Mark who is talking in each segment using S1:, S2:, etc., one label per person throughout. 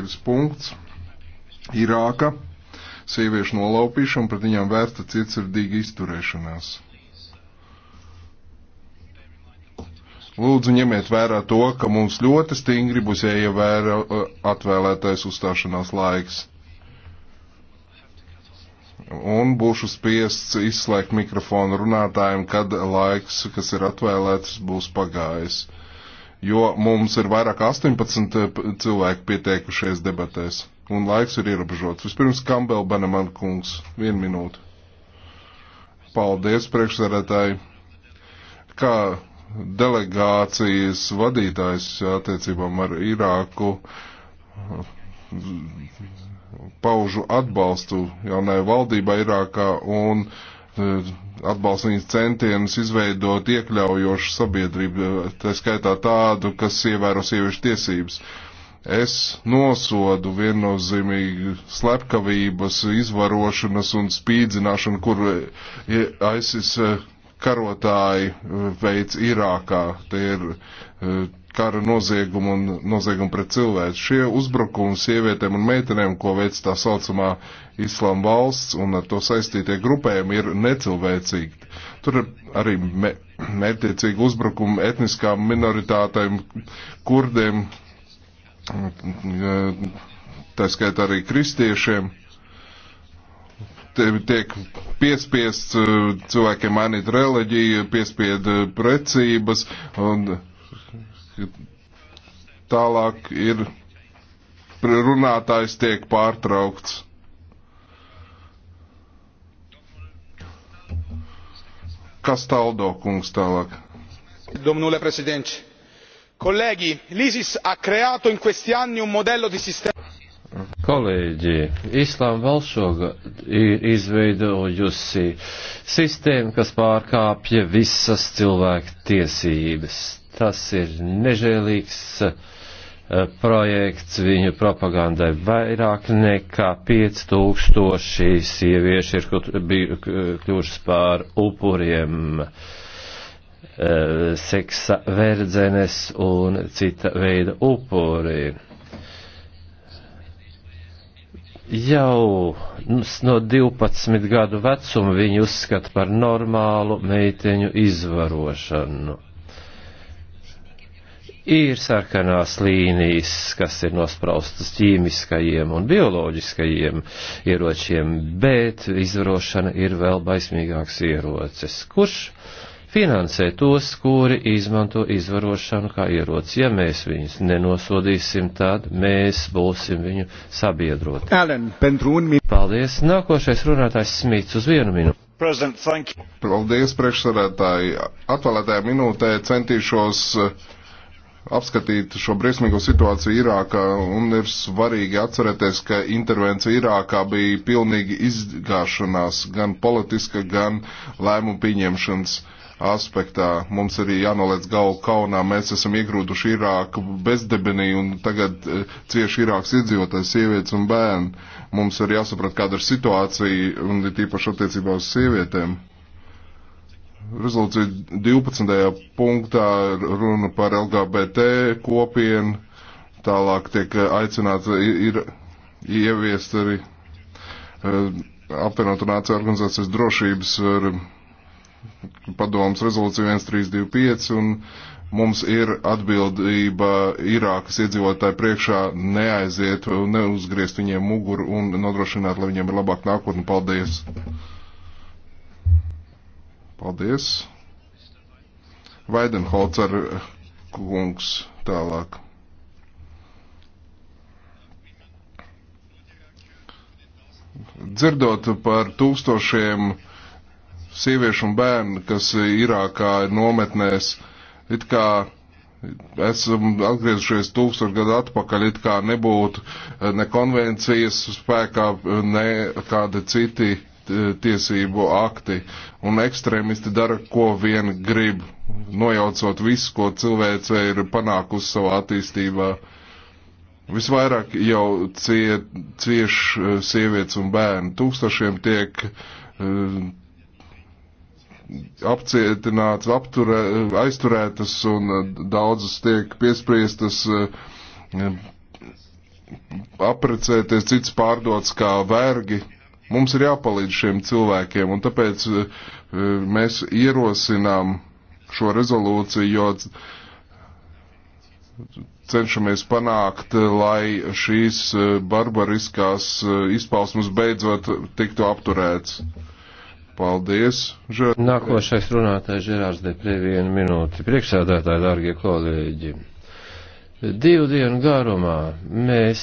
S1: direktīvas punkts - Irāka - sieviešu nolaupīšana, pret viņām vērsta cietsirdīga izturēšanās. Lūdzu, ņemiet vērā to, ka mums ļoti stingri būs jāievēra eh, atvēlētais uzstāšanās laiks. Un būšu spiests izslēgt mikrofonu runātājiem, kad laiks, kas ir atvēlēts, būs pagājis jo mums ir vairāk 18 eh, cilvēki pieteikušies debatēs, un laiks ir ierobežots. Vispirms Kambel Baneman kungs, vienu minūtu. Paldies, priekšsēdētāji. Kā delegācijas vadītājs attiecībām ar Irāku paužu atbalstu jaunai valdībai Irākā un uh, Eh, atbalstīs centienus izveidot iekļaujošu sabiedrību, eh, tā skaitā tādu, kas ievēro sieviešu tiesības. Es nosodu viennozīmīgi slepkavības, izvarošanas un spīdzināšanu, kur eh, ISIS karotāji veids Irākā. Tie ir kara noziegumu un noziegumu pret cilvēku. Šie uzbrukumi sievietēm un meitenēm, ko veic tā saucamā Islāma valsts un ar to saistītie grupējumi, ir necilvēcīgi. Tur ir arī me, mērķiecīgi uzbrukumi etniskām minoritātēm, kurdiem, tā skaitā arī kristiešiem. Tiek piespiests eh, cilvēkiem mainīt reliģiju, piespied eh, precības un Tālāk ir runātājs tiek pārtraukts. Castaldo kungs tālāk. Domnule președinte, colegi, l'ISIS a creato in questi anni un modello di sistema.
S2: Kolēģi, Islāma valšoga ir izveidojusi sistēmu, kas pārkāpja visas cilvēku tiesības tas ir nežēlīgs eh, projekts viņu propagandai. Vairāk nekā 5000 sievieši ir kļuvušas pār upuriem eh, seksa verdzenes un cita veida upuri. Jau no 12 gadu vecuma viņu uzskata par normālu meiteņu izvarošanu ir sarkanās līnijas, kas ir nospraustas ķīmiskajiem un bioloģiskajiem ieročiem, bet izvarošana ir vēl baismīgāks ierocis. Kurš finansē tos, kuri izmanto izvarošanu kā ieroci? Ja mēs viņus nenosodīsim, tad mēs būsim viņu sabiedroti. Alan, un... Paldies. Nākošais runātājs Smits uz vienu minūti.
S1: Paldies, priekšsarētāji. Atvēlētajā minūtē centīšos uh, apskatīt šo briesmīgo situāciju Irākā, un ir svarīgi atcerēties, ka intervencija Irākā bija pilnīgi izgāšanās gan politiska, gan lēmumu pieņemšanas aspektā. Mums arī jānoliec galvu kaunā, mēs esam iegrūduši Irāku bezdebenī, un tagad e, cieši Irāks iedzīvotājs sievietes un bērni. Mums ir jāsaprot, kāda ir situācija, un ir tīpaši attiecībā uz sievietēm rezolūcija 12. punktā runa par LGBT kopienu, tālāk tiek aicināts ir ieviest arī e, apvienotu nāciju organizācijas drošības e, padomas rezolūciju 1325 un mums ir atbildība Irākas iedzīvotāju priekšā neaiziet, neuzgriezt viņiem muguru un nodrošināt, lai viņiem ir labāk nākotne. Paldies! Paldies. Vaidenholcer kungs tālāk. Dzirdot par tūkstošiem sieviešu un bērnu, kas Irākā ir nometnēs, it kā esam atgriezušies tūkstošu gadu atpakaļ, it kā nebūtu ne konvencijas spēkā, ne kādi citi tiesību akti, un ekstrēmisti dara, ko vien grib, nojaucot visu, ko cilvēce ir panākusi savā attīstībā. Visvairāk jau cie, cieš eh, sievietes un bērni. Tūkstošiem tiek uh, apcietināts, apturē, eh, aizturētas un daudzas tiek piespriestas uh, aprecēties, cits pārdots kā vergi. Uh, Mums ir jāpalīdz šiem cilvēkiem, un tāpēc eh, mēs ierosinām šo rezolūciju, jo cenšamies panākt, eh, lai šīs eh, barbariskās izpausmas beidzot tiktu apturēts. Paldies, Žēr. Nākošais runātājs Žerārs Deprē vienu minūti. Priekšsēdētāji,
S2: dārgie kolēģi. Divu dienu garumā mēs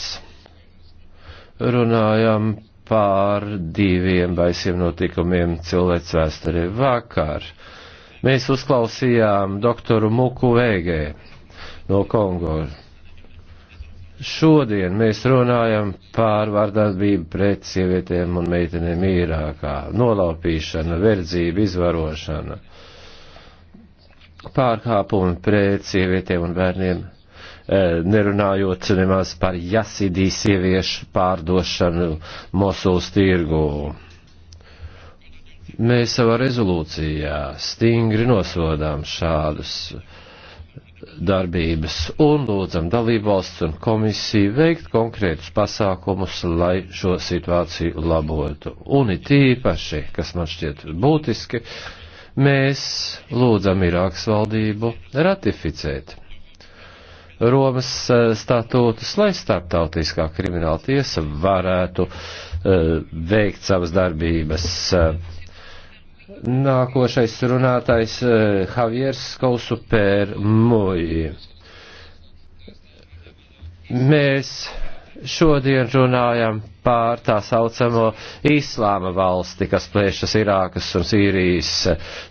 S2: runājām pār diviem baisiem notikumiem cilvēks vēsturē vakar. Mēs uzklausījām doktoru Muku Vēgē no Kongo. Šodien mēs runājam pār vardarbību pret sievietēm un meitenēm īrākā, nolaupīšana, verdzība, izvarošana, pārkāpumi pret sievietēm un bērniem Eh, nerunājot nemaz par jasidī sieviešu pārdošanu Mosuls tirgu. Mēs savā rezolūcijā stingri nosodām šādus darbības un lūdzam dalībvalsts un komisiju veikt konkrētus pasākumus, lai šo situāciju labotu. Un it īpaši, kas man šķiet būtiski, mēs lūdzam Irākas valdību ratificēt Romas eh, statūtus, lai starptautiskā krimināla tiesa varētu eh, veikt savas darbības. Eh, nākošais runātais Javiers Kausuper Muji. Mēs šodien runājam pār tā saucamo Īslāma valsti, kas plēšas Irākas un Sīrijas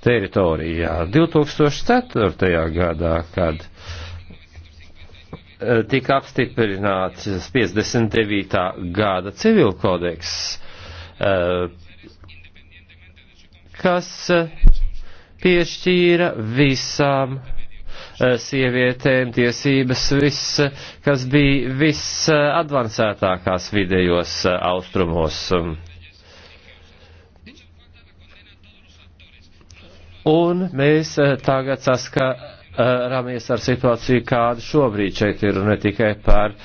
S2: teritorijā. 2004. gadā, kad Eh, tika apstiprināts 59. gada civilkodeks, eh, kas piešķīra visām eh, sievietēm tiesības viss, kas bija viss advancētākās vidējos austrumos. Un mēs tagad saskaramies saskaramies eh, ar situāciju, kāda šobrīd šeit ir, ne tikai par uh,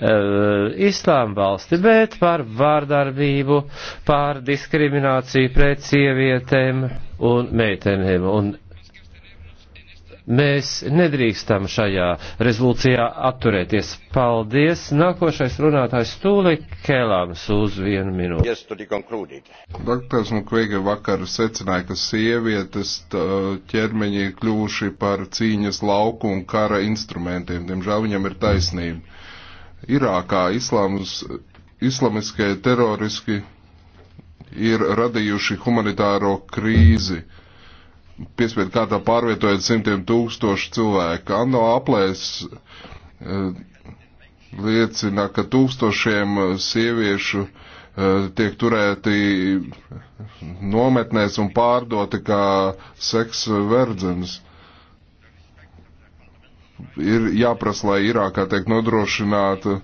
S2: eh, islāma valsti, bet par vārdarbību, par diskrimināciju pret sievietēm un meitenēm. Un Mēs nedrīkstam šajā rezolūcijā atturēties. Paldies! Nākošais runātājs
S1: Stūle Kēlāms uz vienu minūti. Yes, Doktors Mukvega vakar secināja, ka sievietes ķermeņi ir kļuvuši par cīņas lauku un kara instrumentiem. Diemžēl viņam ir taisnība. Irākā islāmus, islamiskie teroriski ir radījuši humanitāro krīzi. Mm piespiedu kārtā pārvietojot simtiem tūkstošu cilvēku. ANO aplēs eh, liecina, ka tūkstošiem eh, sieviešu eh, tiek turēti nometnēs un pārdoti kā seksa verdzenes. Ir jāprasa, lai Irākā tiek nodrošināta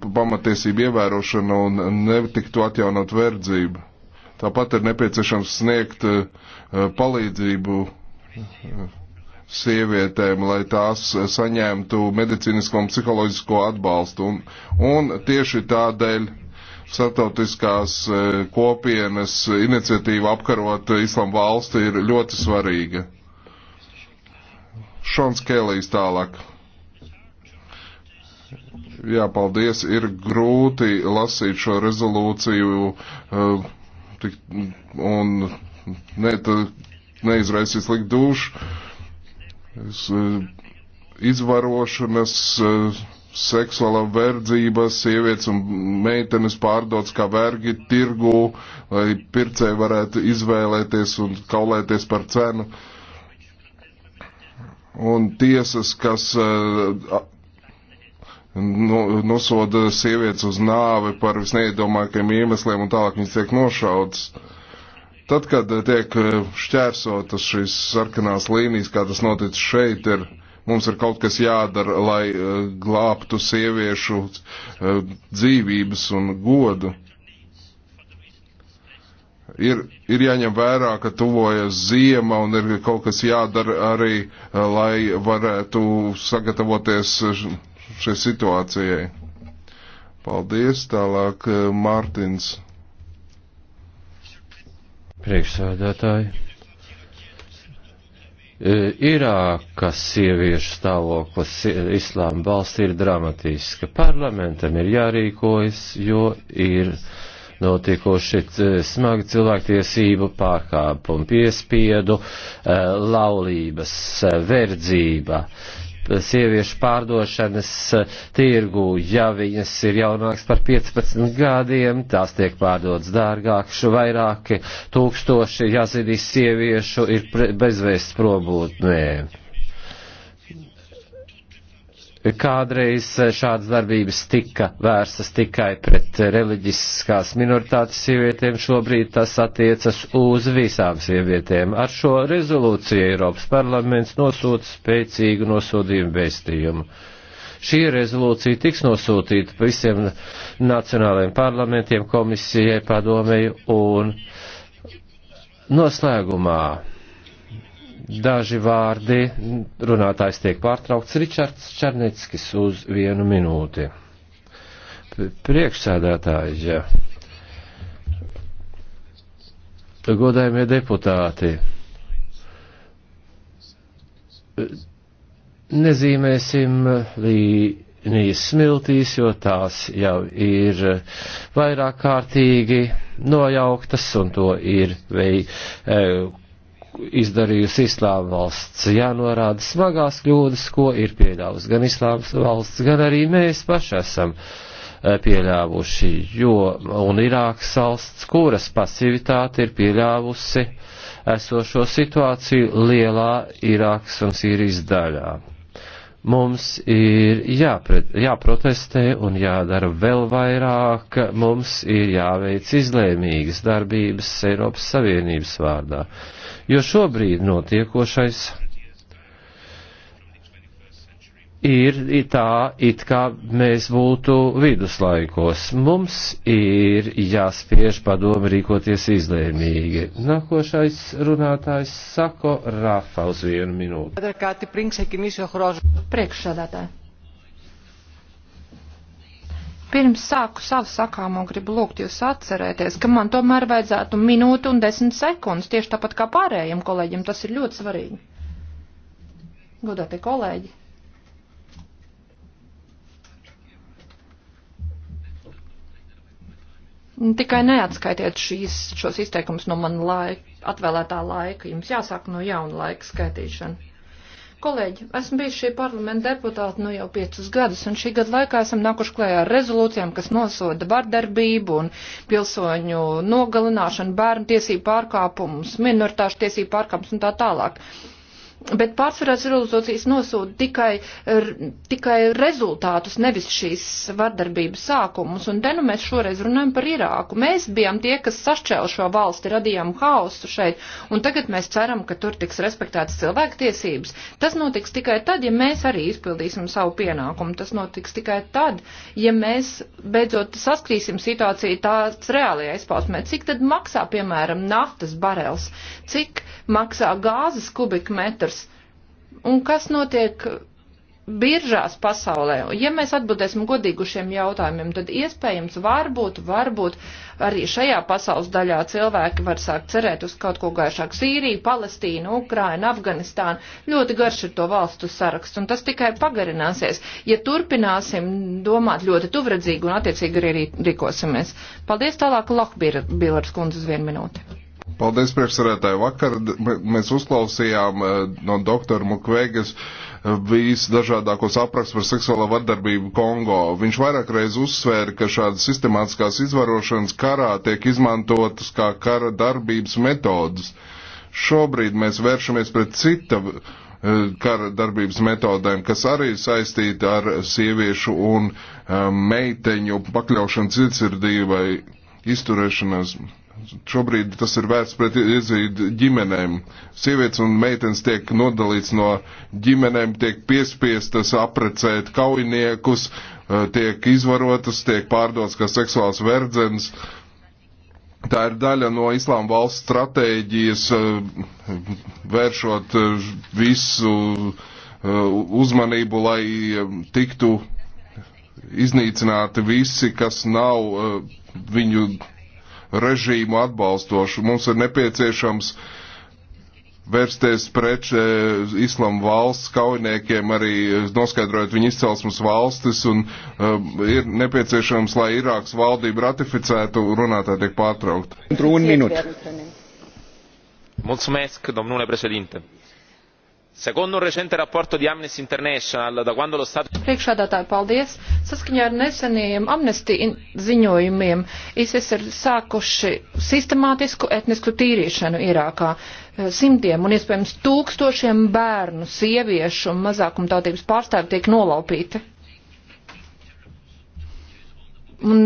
S1: pamatiesība ievērošana un netiktu atjaunot verdzību. Tāpat ir nepieciešams sniegt eh, palīdzību eh, sievietēm, lai tās saņemtu medicīnisko un psiholoģisko atbalstu. Un, un tieši tādēļ starptautiskās eh, kopienas iniciatīva apkarot islamu valsti ir ļoti svarīga. Šons Kēlijs tālāk. Jā, paldies. Ir grūti lasīt šo rezolūciju. Uh, un ne, neizraisīt sliktu dušu. Es, e, izvarošanas, e, seksuālā verdzība, sievietes un meitenes pārdodas kā vergi tirgu, lai pircēji varētu izvēlēties un kaulēties par cenu. Un tiesas, kas e, Nu, nosoda sievietes uz nāvi par visneiedomākajiem iemesliem un tālāk viņas tiek nošautas. Tad, kad eh, tiek eh, šķērsotas šīs sarkanās līnijas, kā tas noticis šeit, ir, mums ir kaut kas jādara, lai eh, glābtu sieviešu dzīvības un godu ir, ir jāņem vērā, ka tuvojas ziema un ir kaut kas jādara arī, lai varētu sagatavoties šai situācijai. Paldies, tālāk eh, Mārtins. Priekšsēdētāji. Eh, Irākas
S2: sieviešu stāvoklis islāma valstī ir dramatiska. Parlamentam ir jārīkojas, jo ir notikuši eh, smagi cilvēktiesību pārkāpumi, piespiedu, laulības, verdzība, sieviešu pārdošanas eh, tirgu. Ja viņas ir jaunākas par 15 gadiem, tās tiek pārdotas dārgākšu, vairāki tūkstoši jazidīs sieviešu ir bezvēsts probūtnē. Kādreiz eh, šādas darbības tika vērstas tikai pret eh, reliģiskās minoritātes sievietēm, šobrīd tas attiecas uz visām sievietēm. Ar šo rezolūciju Eiropas parlaments nosūta spēcīgu nosodījumu vēstījumu. Šī rezolūcija tiks nosūtīta visiem nacionālajiem parlamentiem, komisijai, padomēju un noslēgumā Daži vārdi, runātājs tiek pārtraukts, Ričards Černeckis uz vienu minūti. Priekšsēdētāji, godājumie deputāti, nezīmēsim līdzi līnijas smiltīs, jo tās jau ir vairāk kārtīgi nojauktas un to ir vei, e, izdarījusi Islāma valsts, jānorāda smagās kļūdas, ko ir pieļāvusi gan Islāmas valsts, gan arī mēs paši esam eh, pieļāvuši, jo un Irākas valsts, kuras pasivitāte ir pieļāvusi esošo situāciju lielā Irākas un Sīrijas daļā. Mums ir jāpret, jāprotestē un jādara vēl vairāk, mums ir jāveic izlēmīgas darbības Eiropas Savienības vārdā. Uh, jo šobrīd notiekošais ir tā, it kā mēs būtu viduslaikos. Mums ir jāspiež padomi rīkoties izlēmīgi. Nākošais runātājs Sako Rafa uz vienu minūti.
S3: Priekšsādātāji. Pirms sāku savu sakāmo, gribu lūgt jūs atcerēties, ka man tomēr vajadzētu minūtu un desmit sekundes, tieši tāpat kā pārējiem kolēģiem. Tas ir ļoti svarīgi. Godātie kolēģi! Tikai neatskaitiet šīs, šos izteikumus no man laika, atvēlētā laika. Jums jāsāk no jauna laika skaitīšana. Kolēģi, esmu bijis šī parlamenta deputāta nu jau piecus gadus, un šī gada laikā esam nākuši klējā ar rezolūcijām, kas nosoda vardarbību un pilsoņu nogalināšanu, bērnu tiesību pārkāpumus, minoritāšu tiesību pārkāpumus un tā tālāk bet pārsvarā rezolūcijas nosūta tikai, tikai rezultātus, nevis šīs vardarbības sākumus. Un te nu mēs šoreiz runājam par Irāku. Mēs bijām tie, kas sašķēla šo valsti, radījām haustu šeit, un tagad mēs ceram, ka tur tiks respektētas cilvēktiesības. Tas notiks tikai tad, ja mēs arī izpildīsim savu pienākumu. Tas notiks tikai tad, ja mēs beidzot saskrīsim situāciju tās reālajā izpausmē. Cik tad maksā, piemēram, naftas barels? Cik maksā gāzes kubikmetrs? un kas notiek biržās pasaulē. Ja mēs atbildēsim godīgi uz šiem jautājumiem, tad iespējams, varbūt, varbūt arī šajā pasaules daļā cilvēki var sākt cerēt uz kaut ko gaišāku. Sīriju, Palestīnu, Ukrainu, Afganistānu. Ļoti garš ir to valstu saraksts, un tas tikai pagarināsies, ja turpināsim domāt ļoti tuvredzīgi un attiecīgi arī rīkosimies. Paldies tālāk, Lohbīra Bilars kundzes vienu minūti.
S1: Paldies, priekšsarētāji. Vakar mēs uzklausījām eh, no doktora Mukvegas eh, visdažādākos apraksts par seksuālo vardarbību Kongo. Viņš vairāk reiz uzsvēra, ka šādas sistemātiskās izvarošanas karā tiek izmantotas kā kara darbības metodas. Šobrīd mēs vēršamies pret cita eh, kara darbības metodēm, kas arī saistīta ar sieviešu un meiteņu pakļaušanu cietsirdībai, izturēšanās Šobrīd tas ir vērts pret iezīdu ģimenēm. Sievietes un meitenes tiek nodalīts no ģimenēm, tiek piespiestas aprecēt kaujiniekus, eh, tiek izvarotas, tiek pārdotas kā seksuāls verdzenes. Tā ir daļa no Islāma valsts stratēģijas eh, vēršot eh, visu uzmanību, lai tiktu iznīcināti visi, kas nav viņu režīmu atbalstošu. Mums ir nepieciešams vērsties pret e, islamu valsts kaujiniekiem, arī e, noskaidrojot viņu izcelsmes valstis, un um, ir nepieciešams, lai Irāks valdība ratificētu, runātāji tiek pārtraukta.
S2: Mulțumesc, domnule președinte. Secondo un recente rapporto di Amnesty International, da quando lo Stato.
S3: Priekšādātāji, paldies! Saskaņā ar nesenajiem amnesti ziņojumiem ISIS ir sākuši sistemātisku etnisku tīrīšanu Irākā. Eh, simtiem un iespējams tūkstošiem bērnu, sieviešu un mazākumtautības pārstāvi tiek nolaupīti un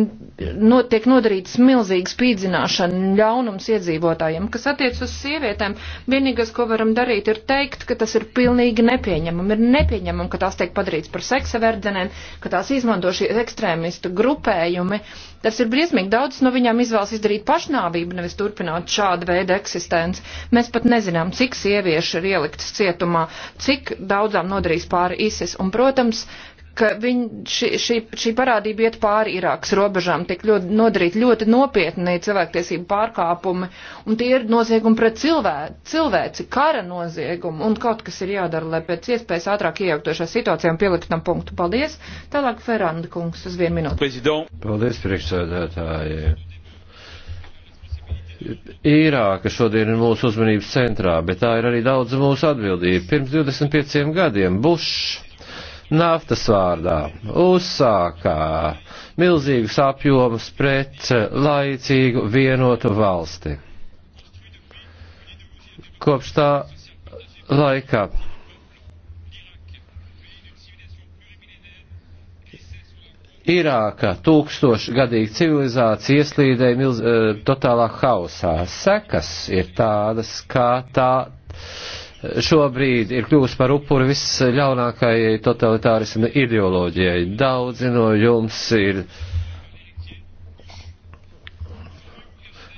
S3: no, tiek nodarīts milzīgs spīdzināšana ļaunums iedzīvotājiem, kas attiec uz sievietēm. Vienīgais, ko varam darīt, ir teikt, ka tas ir pilnīgi nepieņemam. Ir nepieņemam, ka tās tiek padarīts par seksa verdzenēm, ka tās izmanto šie ekstrēmistu grupējumi. Tas ir briesmīgi. Daudz no viņām izvēlas izdarīt pašnāvību, nevis turpināt šādu veidu eksistenci. Mēs pat nezinām, cik sievieši ir ieliktas cietumā, cik daudzām nodarīs pāri ISIS. Un, protams, uh, ka viņ, šī, šī, šī parādība iet pāri Irākas robežām, tiek ļoti, nodarīt ļoti nopietni cilvēktiesību pārkāpumi, un tie ir noziegumi pret cilvē, cilvēci, kara noziegumi, un kaut kas ir jādara, lai pēc iespējas ātrāk iejauktošā situācijā un pielikt tam punktu. Paldies! Tālāk Feranda kungs uz vienu minūti.
S2: Prezident. Paldies, priekšsēdētāji! Īrāka šodien ir mūsu uzmanības centrā, bet tā ir arī daudz mūsu atbildība. Pirms 25 gadiem Bušs naftas vārdā uzsākā milzīgas apjomas pret laicīgu vienotu valsti. Kopš tā laika Irāka tūkstošgadīga civilizācija ieslīdēja milz, eh, totālā hausā. Sekas ir tādas, kā tā šobrīd ir kļuvusi par upuri visļaunākajai totalitārismu ideoloģijai. Daudzi no jums ir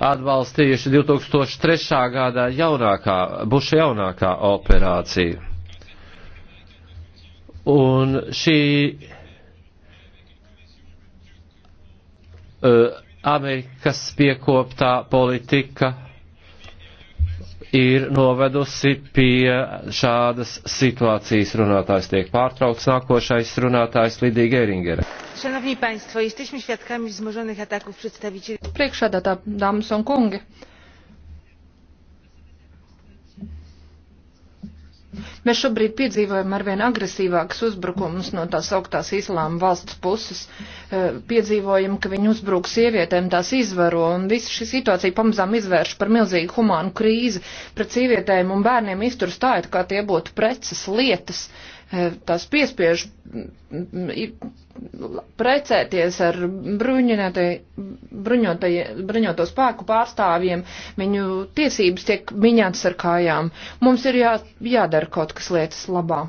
S2: atbalstījuši 2003. gadā jaunākā, Buša jaunākā operācija. Un šī uh, Amerikas piekoptā politika ir novedusi pie šādas situācijas. Runātājs tiek pārtraukts, nākošais runātājs Lidija Geringere.
S3: Priekšādā tā, dāmas un kungi. Mēs šobrīd piedzīvojam arvien agresīvākus uzbrukumus no tās augtās islāma valsts puses. Eh, piedzīvojam, ka viņi uzbruk sievietēm, tās izvaro, un visa šī situācija pamazām izvērš par milzīgu humānu krīzi. Pret sievietēm un bērniem izturst tā, it kā tie būtu preces, lietas tās piespiež precēties ar bruņoto spēku pārstāvjiem, viņu tiesības tiek miņātas ar kājām. Mums ir jā, jādara kaut kas lietas labā.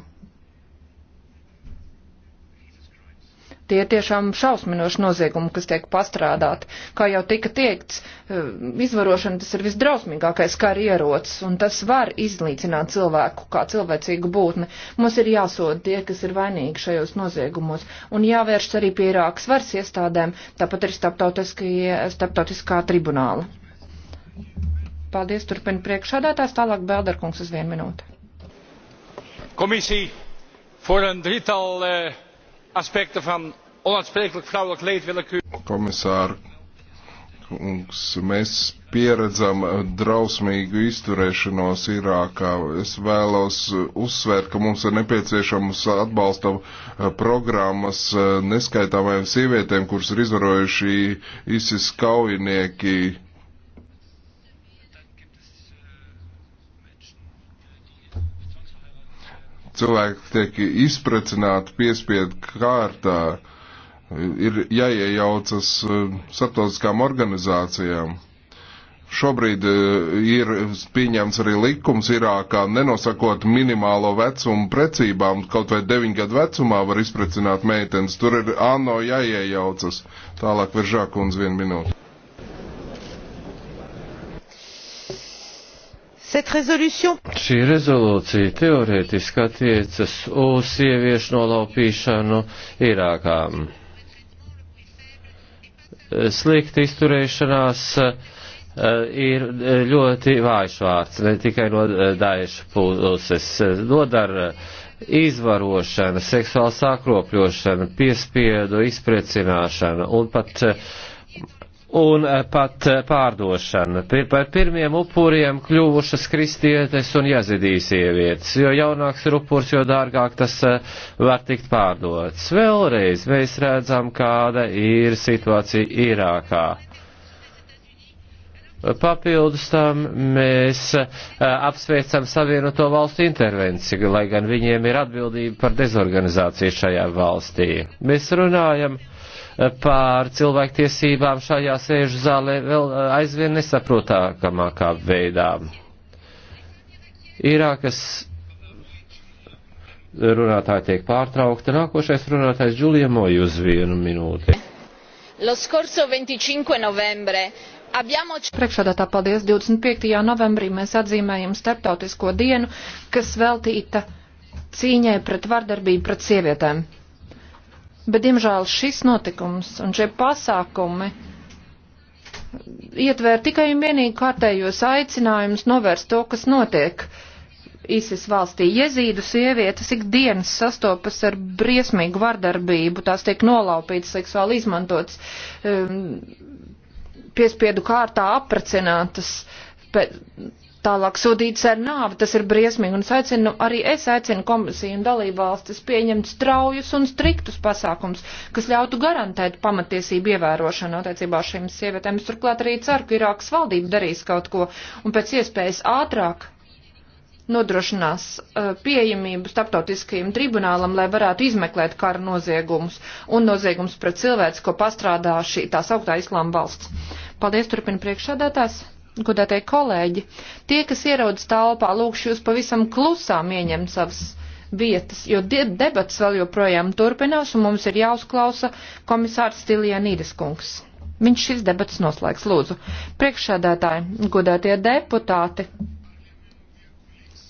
S3: Tie tiešām šausminoši noziegumi, kas tiek pastrādāti. Kā jau tika teikts, eh, izvarošana tas ir visdrausmīgākais kara ierocis, un tas var iznīcināt cilvēku kā cilvēcīgu būtni. Mums ir jāsod tie, kas ir vainīgi šajos noziegumos, un jāvērš arī pie Irākas varas iestādēm, tāpat arī starptautiskā tribunāla. Paldies, turpina priekšādātājs, tālāk Belderkungs uz vienu minūtu.
S2: Komisija, for een drietal uh, eh, aspecten van onuitsprekelijk vrouwelijk leed wil ik u.
S1: Commissaar, mēs pieredzam drausmīgu izturēšanos Irākā. Es vēlos uzsvērt, ka mums ir nepieciešams atbalsta programmas neskaitāmajām sievietēm, kuras ir izvarojuši ISIS kaujinieki cilvēki tiek izprecināti piespiedu kārtā, ir jāiejaucas eh, starptautiskām organizācijām. Šobrīd eh, ir pieņemts arī likums Irākā nenosakot minimālo vecumu precībām, kaut vai 9 gadu vecumā var izprecināt meitenes. Tur ir ANO jāiejaucas. Tālāk viržākundz vienu minūti.
S2: Šī rezolūcija teorētiski attiecas uz sieviešu nolaupīšanu Irākām. Slikta izturēšanās eh, ir ļoti vājš vārds, ne tikai no eh, daieša puses. Nodara eh, izvarošana, seksuāla sākropļošana, piespiedu izprecināšana un pat uh, un eh, pat eh, pārdošana. Par pirmiem upuriem kļuvušas kristietes un jazidīs sievietes, jo jaunāks ir upurs, jo dārgāk tas eh, var tikt pārdots. Vēlreiz mēs redzam, kāda ir situācija Irākā. Papildus tam mēs apsveicam Savienoto valstu intervenciju, lai gan viņiem ir atbildība par dezorganizāciju šajā valstī. Mēs runājam pār cilvēktiesībām šajā sēžu zālē vēl aizvien nesaprotākamākā veidā. Irākas runātāja tiek pārtraukta. Nākošais runātājs Džulija Moja uz vienu minūti.
S3: Lo scorso 25 novembre Priekšādātā paldies 25. novembrī mēs atzīmējam starptautisko dienu, kas veltīta cīņai pret vardarbību pret sievietēm bet diemžēl šis notikums un šie pasākumi ietvēr tikai un vienīgi kārtējos aicinājumus novērst to, kas notiek. ISIS valstī jezīdu sievietes ikdienas sastopas ar briesmīgu vardarbību, tās tiek nolaupītas, seksuāli izmantotas, um, piespiedu kārtā apracinātas, pēc, tālāk sodīts ar nāvi. Tas ir briesmīgi un es aicinu, arī es aicinu komisiju un dalību valstis pieņemt straujus un striktus pasākums, kas ļautu garantēt pamatiesību ievērošanu attiecībā uz šīm sievietēm. Es turklāt arī ceru, ka Irākas valdība darīs kaut ko un pēc iespējas ātrāk nodrošinās uh, pieejamību starptautiskajam tribunālam, lai varētu izmeklēt kara noziegumus un noziegums pret cilvēks, ko pastrādā šī tā sauktā islāma valsts. Paldies, turpina priekšsādātājs godātie kolēģi, tie, kas ierodas telpā, lūkšu jūs pavisam klusām ieņemt savas vietas, jo debats vēl joprojām turpinās un mums ir jāuzklausa komisārs Stilija Nīdeskungs. Viņš šis debats noslēgs, lūdzu. Priekšsēdētāji, godātie deputāti,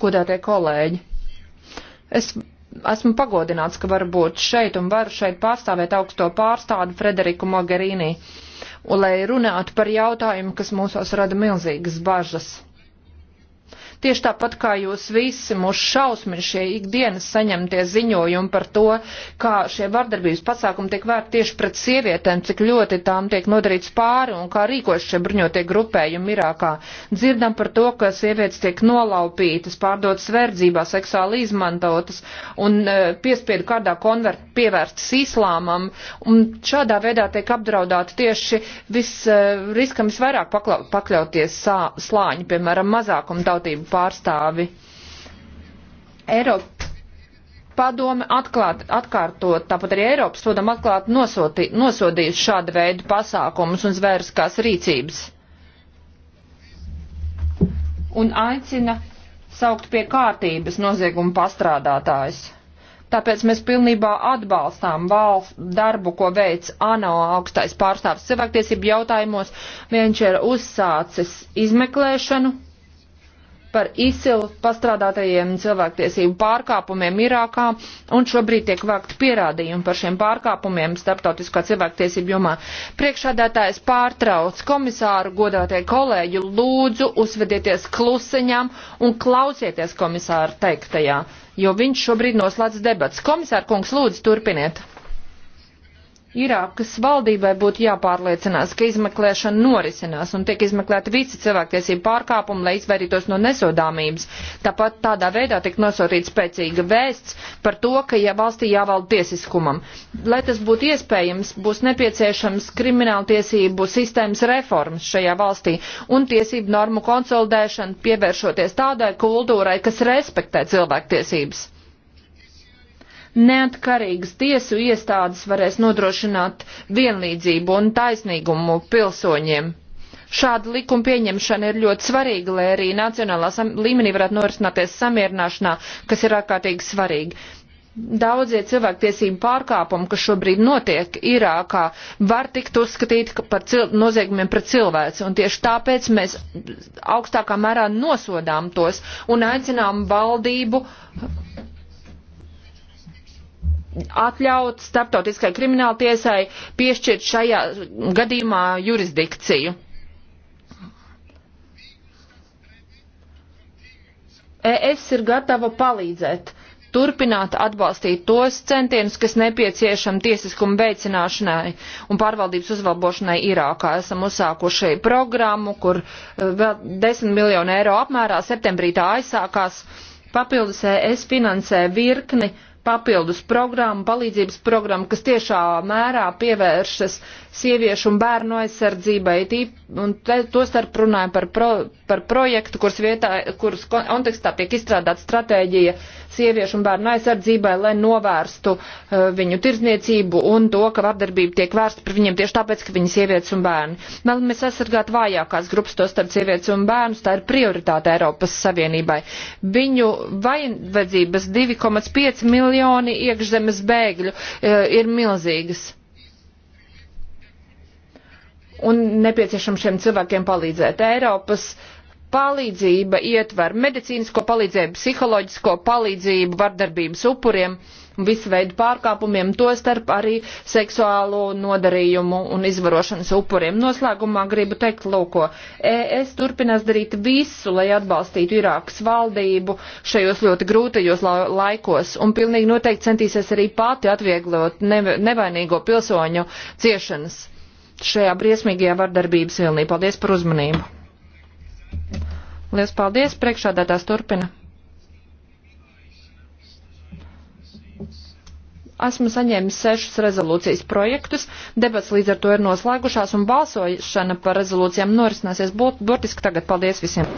S3: godātie kolēģi, es esmu pagodināts, ka varu būt šeit un varu šeit pārstāvēt augsto pārstādu Frederiku Mogherini un lai runātu par jautājumu, kas mūsos rada milzīgas bažas. Tieši tāpat kā jūs visi mūs šausmina šie ikdienas saņemtie ziņojumi par to, kā šie vardarbības pasākumi tiek vērt tieši pret sievietēm, cik ļoti tām tiek nodarīts pāri un kā rīkojas šie bruņotie grupējumi Irākā. Dzirdam par to, ka sievietes tiek nolaupītas, pārdotas verdzībā, seksuāli izmantotas un e, piespiedu kādā konvert pievērstas islāmam. Un šādā veidā tiek apdraudāti tieši vis, e, riskam visvairāk pakla, pakļauties sā, slāņi, piemēram, mazākumtautību valdību pārstāvi. Eiropa padome atklāt, atkārtot, tāpat arī Eiropas padome atklāt nosoti, nosodījis šāda veida pasākumus un zvērskās rīcības. Un aicina saukt pie kārtības nozieguma pastrādātājs. Tāpēc mēs pilnībā atbalstām valsts darbu, ko veic ANO augstais pārstāvs cilvēktiesību jautājumos. Viņš ir uzsācis izmeklēšanu par izcilu pastrādātajiem cilvēktiesību pārkāpumiem Irākā, un šobrīd tiek vākt pierādījumi par šiem pārkāpumiem starptautiskā cilvēktiesību jomā. Priekšādātājs pārtrauc komisāru godātie kolēģi, lūdzu uzvedieties klusiņām un klausieties komisāru teiktajā, jo viņš šobrīd noslēdz debats. Komisāra kungs, lūdzu, turpiniet! Irākas valdībai būtu jāpārliecinās, ka izmeklēšana norisinās un tiek izmeklēti visi cilvēktiesību pārkāpumi, lai izvairītos no nesodāmības. Tāpat tādā veidā tiek nosūtīta spēcīga vēsts par to, ka ja valstī jāvalda tiesiskumam. Lai tas būtu iespējams, būs nepieciešams krimināltiesību sistēmas reformas šajā valstī un tiesību normu konsolidēšana, pievēršoties tādai kultūrai, kas respektē cilvēktiesības neatkarīgas tiesu iestādes varēs nodrošināt vienlīdzību un taisnīgumu pilsoņiem. Šāda likuma pieņemšana ir ļoti svarīga, lai arī nacionālā līmenī varētu norisināties samierināšanā, kas ir ārkārtīgi svarīgi. Daudzie cilvēktiesību pārkāpumi, kas šobrīd notiek Irākā, var tikt uzskatīti par cil noziegumiem pret cilvēci, un tieši tāpēc mēs augstākā mērā nosodām tos un aicinām valdību atļaut starptautiskai krimināla tiesai piešķirt šajā gadījumā jurisdikciju. ES ir gatava palīdzēt, turpināt atbalstīt tos centienus, kas nepieciešami tiesiskuma veicināšanai un pārvaldības uzlabošanai Irākā. Esam uzsākuši programmu, kur eh, vēl 10 miljonu eiro apmērā septembrī tā aizsākās. Papildus ES finansē virkni papildus programmu, palīdzības programmu, kas tiešā mērā pievēršas sieviešu un bērnu aizsardzībai. Un te, to starp runājam par, pro, par projektu, kuras vietā, kuras kontekstā tiek izstrādāta stratēģija sieviešu un bērnu aizsardzībai, lai novērstu uh, viņu tirzniecību un to, ka vardarbība tiek vērsta par viņiem tieši tāpēc, ka viņi sievietes un bērni. Vēlamies aizsargāt vājākās grupas, to starp sievietes un bērnus, tā ir prioritāte Eiropas Savienībai. Viņu vajadzības 2,5 miljoni miljoni iekšzemes bēgļu e, ir milzīgas. Un nepieciešams šiem cilvēkiem palīdzēt. Eiropas palīdzība ietver medicīnisko palīdzību, psiholoģisko palīdzību vardarbības upuriem. Uh, visu veidu pārkāpumiem, to starp arī seksuālo nodarījumu un izvarošanas upuriem. Noslēgumā gribu teikt, lūko, ES turpinās darīt visu, lai atbalstītu Irākas valdību šajos ļoti grūtajos laikos un pilnīgi noteikti centīsies arī pati atvieglot nevainīgo pilsoņu ciešanas šajā briesmīgajā vardarbības vilnī. Paldies par uzmanību! Lielas paldies, priekšādātās turpina. esmu saņēmis sešus rezolūcijas projektus, debats līdz ar to ir noslēgušās un balsošana par rezolūcijām norisināsies būt, burtiski tagad. Paldies visiem!